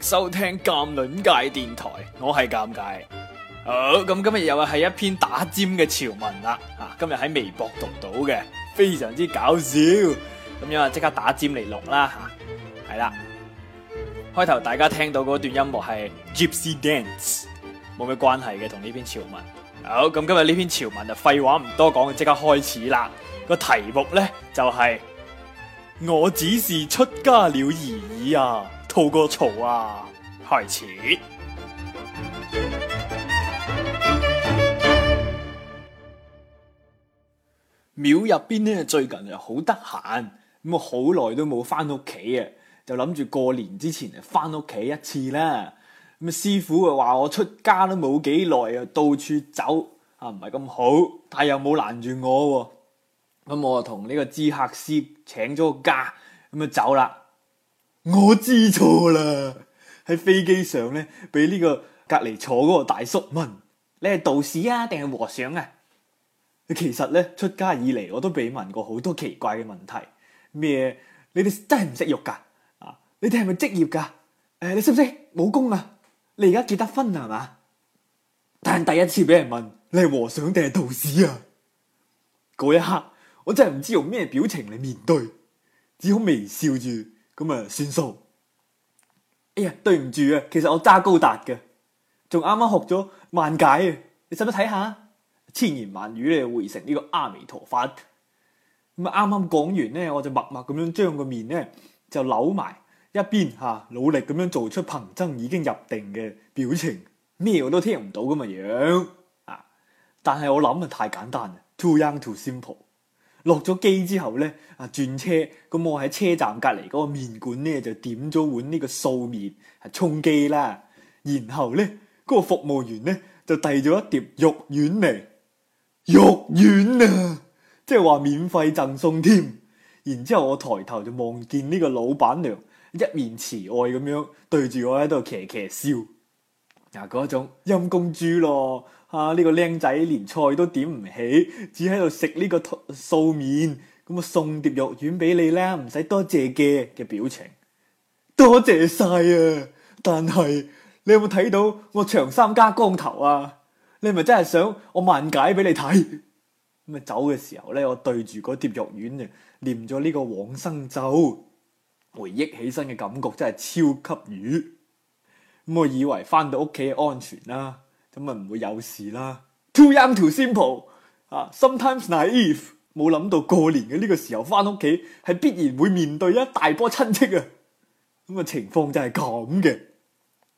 收聽鑑論界電台，我係鑑界。好，咁今日又係一篇打尖嘅潮文啦。啊，今日喺微博讀到嘅，非常之搞笑。咁樣啊，即刻打尖嚟錄啦。吓、啊，係啦。開頭大家聽到嗰段音樂係 Gypsy Dance，冇咩關係嘅，同呢篇潮文。好，咁今日呢篇潮文就廢話唔多講，即刻開始啦。個題目呢，就係、是、我只是出家了而已啊。吐個槽啊！開始廟入邊咧，最近又好得閒，咁我好耐都冇翻屋企啊，就諗住過年之前啊翻屋企一次啦。咁師傅話我出家都冇幾耐啊，到處走啊唔係咁好，但係又冇攔住我喎。咁我同呢個知客師請咗個假，咁啊走啦。我知錯啦！喺飛機上咧，畀呢個隔籬坐嗰個大叔問：你係道士啊，定係和尚啊？其實咧，出家以嚟，我都被問過好多奇怪嘅問題。咩？你哋真係唔食肉噶？啊！你哋係咪職業噶？誒、呃，你識唔識武功啊？你而家結得婚係嘛？但係第一次俾人問，你係和尚定係道士啊？嗰一刻，我真係唔知用咩表情嚟面對，只好微笑住。咁啊，算數！哎呀，對唔住啊，其實我揸高達嘅，仲啱啱學咗萬解啊！你使唔使睇下？千言萬語咧匯成呢個阿彌陀佛。咁啊，啱啱講完咧，我就默默咁樣將個面咧就扭埋一邊吓，努力咁樣做出彭僧已經入定嘅表情，咩我都聽唔到咁嘅樣啊！但係我諗啊，太簡單啦，too young too simple。落咗機之後咧，啊轉車，咁我喺車站隔離嗰個麵館咧就點咗碗呢個素麵，係充飢啦。然後咧，嗰、嗰個服務員咧就遞咗一碟肉丸嚟，肉丸啊，即係話免費贈送添。然之後我抬頭就望見呢個老闆娘一面慈愛咁樣對住我喺度騎騎笑，嗱嗰一種陰公豬咯～啊！呢、這個靚仔連菜都點唔起，只喺度食呢個素麵，咁啊送碟肉丸俾你啦，唔使多謝嘅嘅表情，多謝晒啊！但係你有冇睇到我長衫加光頭啊？你係咪真係想我慢解俾你睇。咁啊走嘅時候咧，我對住嗰碟肉丸啊念咗呢個往生咒，回憶起身嘅感覺真係超級瘀。咁我以為翻到屋企安全啦，啊。咁咪唔會有事啦。Too young, too simple。啊，sometimes naive。冇諗到過年嘅呢個時候翻屋企，係必然會面對一大波親戚啊！咁嘅情況就係咁嘅。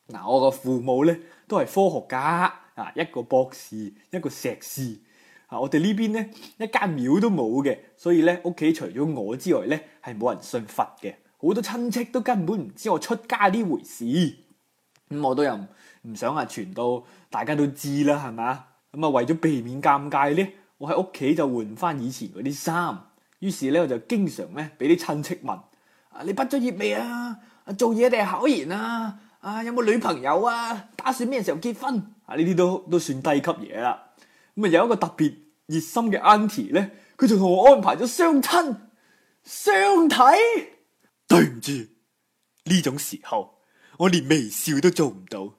嗱，我個父母咧都係科學家，啊，一個博士，一個碩士。啊，我哋呢邊咧一間廟都冇嘅，所以咧屋企除咗我之外咧係冇人信佛嘅。好多親戚都根本唔知我出家呢回事。咁、嗯、我都又唔想啊傳到大家都知啦，係咪啊？咁、嗯、啊為咗避免尷尬咧，我喺屋企就換翻以前嗰啲衫。於是咧我就經常咧俾啲親戚問：啊，你畢咗業未啊？做嘢定係考研啊？啊，有冇女朋友啊？打算咩時候結婚？啊，呢啲都都算低級嘢啦。咁、嗯、啊有一個特別熱心嘅 auntie 咧，佢就同我安排咗相親相睇。對唔住呢種時候。我連微笑都做唔到，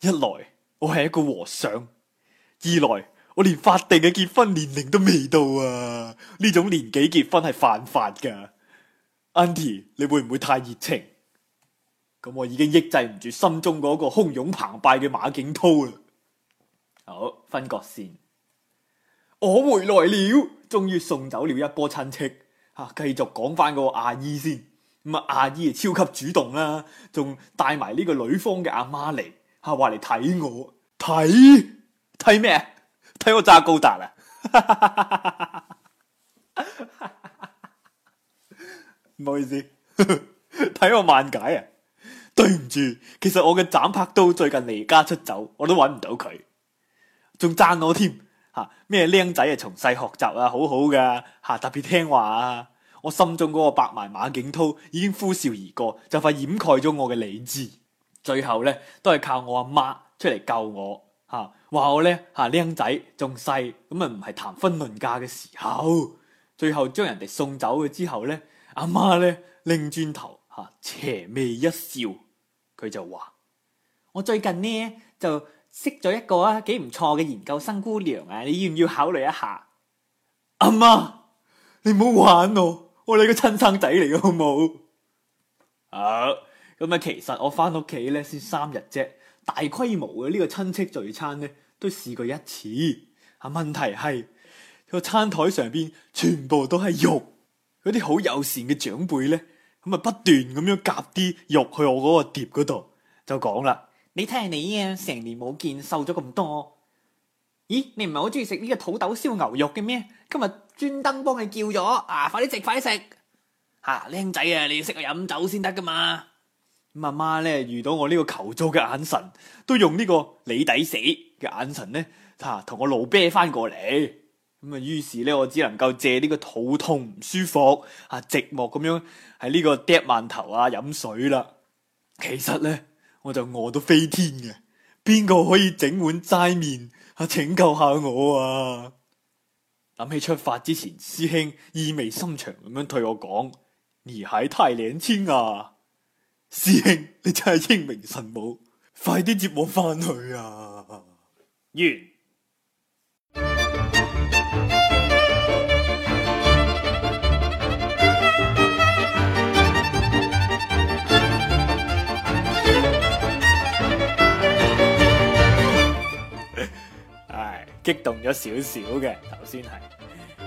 一來我係一個和尚，二來我連法定嘅結婚年齡都未到啊！呢種年紀結婚係犯法噶。Aunty，你會唔會太熱情？咁我已經抑制唔住心中嗰個洶湧澎湃嘅馬景濤啦。好，分割線，我回來了，終於送走了一波親戚，吓、啊、繼續講翻個阿姨先。咁啊！阿姨啊，超級主動啦，仲帶埋呢個女方嘅阿媽嚟吓，話嚟睇我，睇睇咩啊？睇我揸高達啊！唔好意思，睇 我卍解啊！對唔住，其實我嘅斬魄刀最近離家出走，我都揾唔到佢，仲讚我添吓咩？靚仔啊，從細學習啊，好好噶吓，特別聽話啊！我心中嗰個白埋馬景濤已經呼嘯而過，就快掩蓋咗我嘅理智。最後咧，都係靠我阿媽出嚟救我，吓、啊、話我咧吓僆仔仲細，咁啊唔係談婚論嫁嘅時候。最後將人哋送走嘅之後咧，阿媽咧擰轉頭吓、啊、邪魅一笑，佢就話：我最近咧就識咗一個啊幾唔錯嘅研究生姑娘啊，你要唔要考慮一下？阿媽，你唔好玩我！我你個親生仔嚟嘅，好冇？好咁啊，其實我返屋企咧先三日啫，大規模嘅呢個親戚聚餐咧都試過一次。啊，問題係個餐台上邊全部都係肉，嗰啲好友善嘅長輩咧，咁啊不斷咁樣夾啲肉去我嗰個碟嗰度，就講啦，你睇下你啊，成年冇見，瘦咗咁多。咦，你唔係好中意食呢個土豆燒牛肉嘅咩？今日專登幫你叫咗啊！快啲食快啲食吓，靚仔啊！你要食去飲酒先得噶嘛？咁阿媽咧遇到我呢個求助嘅眼神，都用呢個你抵死嘅眼神咧吓同我老啤翻過嚟咁啊。於是咧，我只能夠借呢個肚痛唔舒服啊，寂寞咁樣喺呢個掉饅頭啊，飲水啦。其實咧，我就餓到飛天嘅，邊個可以整碗齋麵？啊，拯救下我啊！諗起出發之前，師兄意味深長咁樣對我講：你還太年輕啊！師兄，你真係英明神武，快啲接我返去啊！完。激動咗少少嘅，頭先係，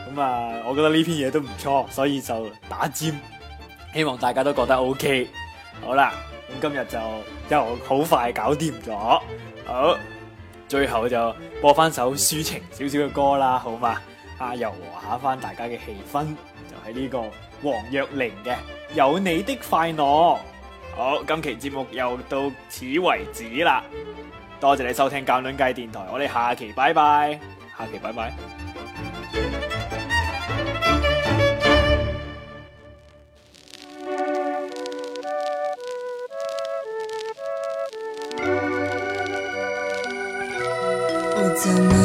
咁啊，我覺得呢篇嘢都唔錯，所以就打尖，希望大家都覺得 OK。好啦，咁今日就又好快搞掂咗，好，最後就播翻首抒情少少嘅歌啦，好嘛，啊，又和下翻大家嘅氣氛，就係呢個王若玲嘅有你的快樂。好，今期節目又到此為止啦。多謝你收聽《鑒論界電台》，我哋下期拜拜，下期拜拜。